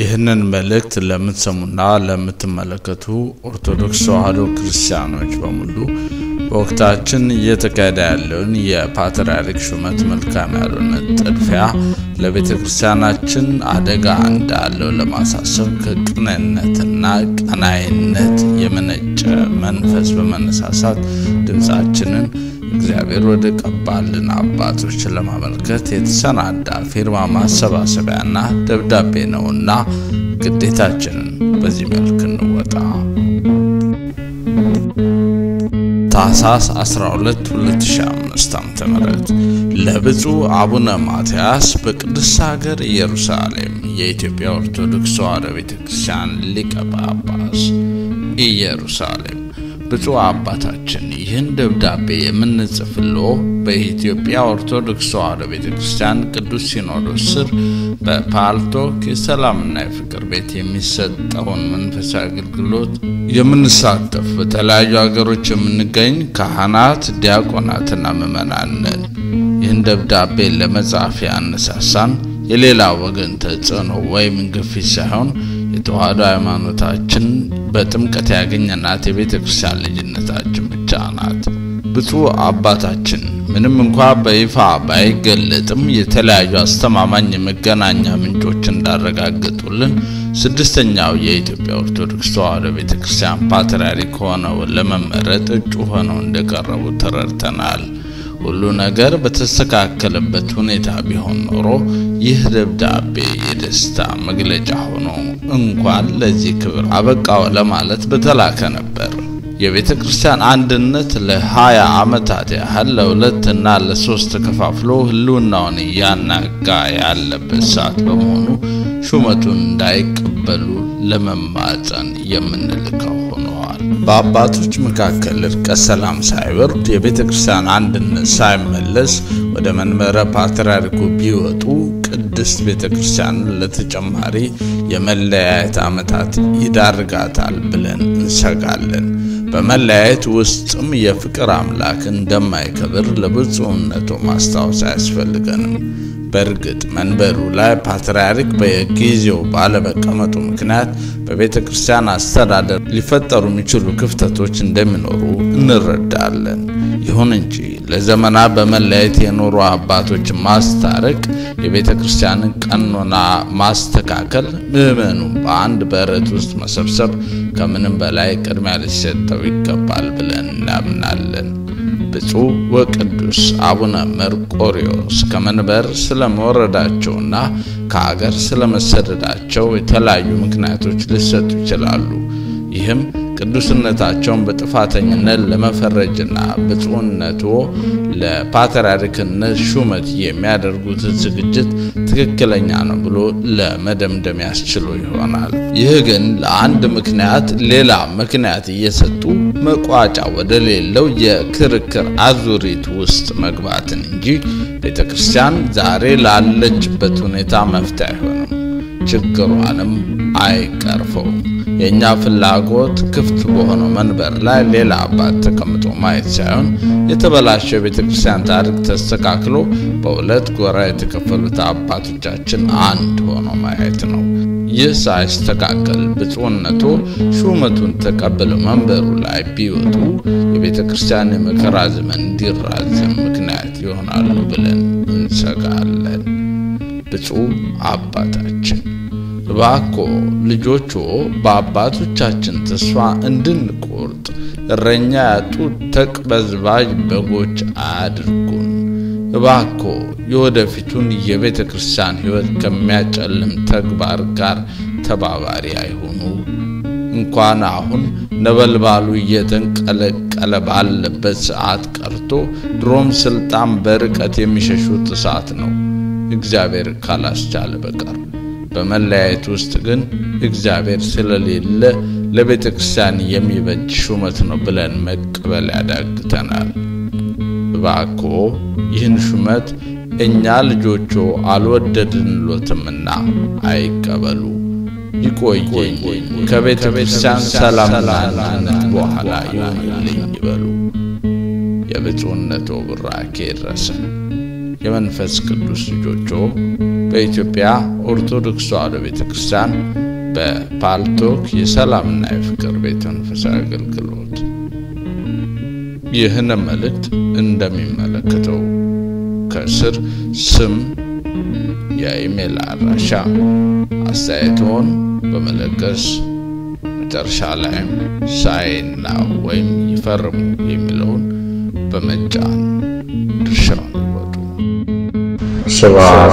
ይህንን መልእክት ለምትሰሙና ለምትመለከቱ ኦርቶዶክስ ተዋሕዶ ክርስቲያኖች በሙሉ በወቅታችን እየተካሄደ ያለውን የፓትርያርክ ሹመት መልካም ያሉነት ጥድፊያ ለቤተ ክርስቲያናችን አደጋ እንዳለው ለማሳሰብ ከቅንነትና ቀናይነት የመነጨ መንፈስ በመነሳሳት ድምፃችንን እግዚአብሔር ወደ ቀባልን አባቶች ለማመልከት የተሰናዳ ፊርማ ማሰባሰቢያና ደብዳቤ ነውና ግዴታችንን በዚህ መልክ እንወጣ። ታሳስ 12 2005 ዓ.ም ለብፁዕ አቡነ ማትያስ በቅድስት ሀገር ኢየሩሳሌም የኢትዮጵያ ኦርቶዶክስ ተዋሕዶ ቤተክርስቲያን ሊቀ ጳጳስ ኢየሩሳሌም ብፁዕ አባታችን ይህን ደብዳቤ የምንጽፍሎ በኢትዮጵያ ኦርቶዶክስ ተዋሕዶ ቤተ ክርስቲያን ቅዱስ ሲኖዶስ ስር በፓልቶ የሰላምና የፍቅር ቤት የሚሰጠውን መንፈሳዊ አገልግሎት የምንሳተፍ በተለያዩ ሀገሮች የምንገኝ ካህናት፣ ዲያቆናትና ምዕመናን ይህን ደብዳቤ ለመጻፍ ያነሳሳን የሌላ ወገን ተጽዕኖ ወይም ግፊት ሳይሆን የተዋህዶ ሃይማኖታችን በጥምቀት ያገኘናት የቤተ ክርስቲያን ልጅነታችን ብቻ ናት። ብፁዕ አባታችን ምንም እንኳ በይፋ ባይገለጥም የተለያዩ አስተማማኝ የመገናኛ ምንጮች እንዳረጋገጡልን ስድስተኛው የኢትዮጵያ ኦርቶዶክስ ተዋህዶ ቤተ ክርስቲያን ፓትርያርክ ሆነው ለመመረጥ እጩ ሆነው እንደቀረቡ ተረድተናል። ሁሉ ነገር በተስተካከለበት ሁኔታ ቢሆን ኖሮ ይህ ደብዳቤ የደስታ መግለጫ ሆኖ እንኳን ለዚህ ክብር አበቃው ለማለት በተላከ ነበር። የቤተ ክርስቲያን አንድነት ለሀያ ዓመታት ያህል ለሁለት እና ለሶስት ተከፋፍሎ ህልውናውን እያናጋ ያለበት ሰዓት በመሆኑ ሹመቱን እንዳይቀበሉ ለመማፀን የምንልከው በአባቶች መካከል እርቀ ሰላም ሳይወርድ የቤተ ክርስቲያን አንድነት ሳይመለስ ወደ መንበረ ፓትርያርኩ ቢወጡ ቅድስት ቤተ ክርስቲያን ለተጨማሪ የመለያየት ዓመታት ይዳርጋታል ብለን እንሰጋለን። በመለያየት ውስጥም የፍቅር አምላክ እንደማይከብር ለብፁዕነቱ ማስታወስ አያስፈልገንም። በእርግጥ መንበሩ ላይ ፓትርያርክ በጊዜው ባለመቀመጡ ምክንያት በቤተ ክርስቲያን አስተዳደር ሊፈጠሩ የሚችሉ ክፍተቶች እንደሚኖሩ እንረዳለን። ይሁን እንጂ ለዘመናት በመለያየት የኖሩ አባቶችን ማስታረቅ፣ የቤተ ክርስቲያንን ቀኖና ማስተካከል፣ ምመኑ በአንድ በረት ውስጥ መሰብሰብ ከምንም በላይ ቅድሚያ ሊሰጠው ይገባል ብለን እናምናለን። ብፁዕ ወቅዱስ አቡነ መርቆሪዎስ ከመንበር ስለመወረዳቸውና ከአገር ስለመሰደዳቸው የተለያዩ ምክንያቶች ሊሰጡ ይችላሉ። ይህም ቅዱስነታቸውን በጥፋተኝነት ለመፈረጅና ብፁዕነቱ ለፓትርያርክነት ሹመት የሚያደርጉት ዝግጅት ትክክለኛ ነው ብሎ ለመደምደም ያስችሉ ይሆናል። ይህ ግን ለአንድ ምክንያት ሌላ ምክንያት እየሰጡ መቋጫ ወደሌለው የክርክር አዙሪት ውስጥ መግባትን እንጂ ቤተ ክርስቲያን ዛሬ ላለችበት ሁኔታ መፍትሄ አይሆንም፣ ችግሯንም አይቀርፈውም። የእኛ ፍላጎት ክፍት በሆነው መንበር ላይ ሌላ አባት ተቀምጦ ማየት ሳይሆን የተበላሸው የቤተ ክርስቲያን ታሪክ ተስተካክሎ በሁለት ጎራ የተከፈሉት አባቶቻችን አንድ ሆኖ ማየት ነው። ይህ ሳይስተካከል ብፁዕነቱ ሹመቱን ተቀብለው መንበሩ ላይ ቢወጡ የቤተ ክርስቲያን የመከራ ዘመን እንዲራዘም ምክንያት ይሆናሉ ብለን እንሰጋለን። ብፁዕ አባታችን እባኮ ልጆቹ በአባቶቻችን ተስፋ እንድንቆርጥ እረኛ ያጡ ተቅበዝባዥ በጎች አድርጉን። እባኮ የወደፊቱን የቤተ ክርስቲያን ሕይወት ከሚያጨልም ተግባር ጋር ተባባሪ አይሆኑ። እንኳን አሁን ነበልባሉ እየተንቀለቀለ ባለበት ሰዓት ቀርቶ ድሮም ስልጣን በርቀት የሚሸሹት እሳት ነው፣ እግዚአብሔር ካላስቻለ በቀር። በመለያየት ውስጥ ግን እግዚአብሔር ስለሌለ ለቤተ ክርስቲያን የሚበጅ ሹመት ነው ብለን መቀበል ያዳግተናል። እባክዎ ይህን ሹመት እኛ ልጆቹ አልወደድንሎትምና አይቀበሉ። ይቆይ ከቤተ ክርስቲያን ሰላምና አንድነት በኋላ ይሆንልኝ ይበሉ። የብፁዕነቶ ቡራኬ ይድረሰን። የመንፈስ ቅዱስ ልጆቹ በኢትዮጵያ ኦርቶዶክስ ተዋሕዶ ቤተ ክርስቲያን በፓልቶክ የሰላምና የፍቅር ቤተ መንፈሳዊ አገልግሎት ይህን መልእክት እንደሚመለከተው ከስር ስም፣ የኢሜል አድራሻ፣ አስተያየትዎን በመለገስ መጨረሻ ላይም ሳይና ወይም ይፈርሙ የሚለውን በመጫን ድርሻውን ይወጡ። 是吧？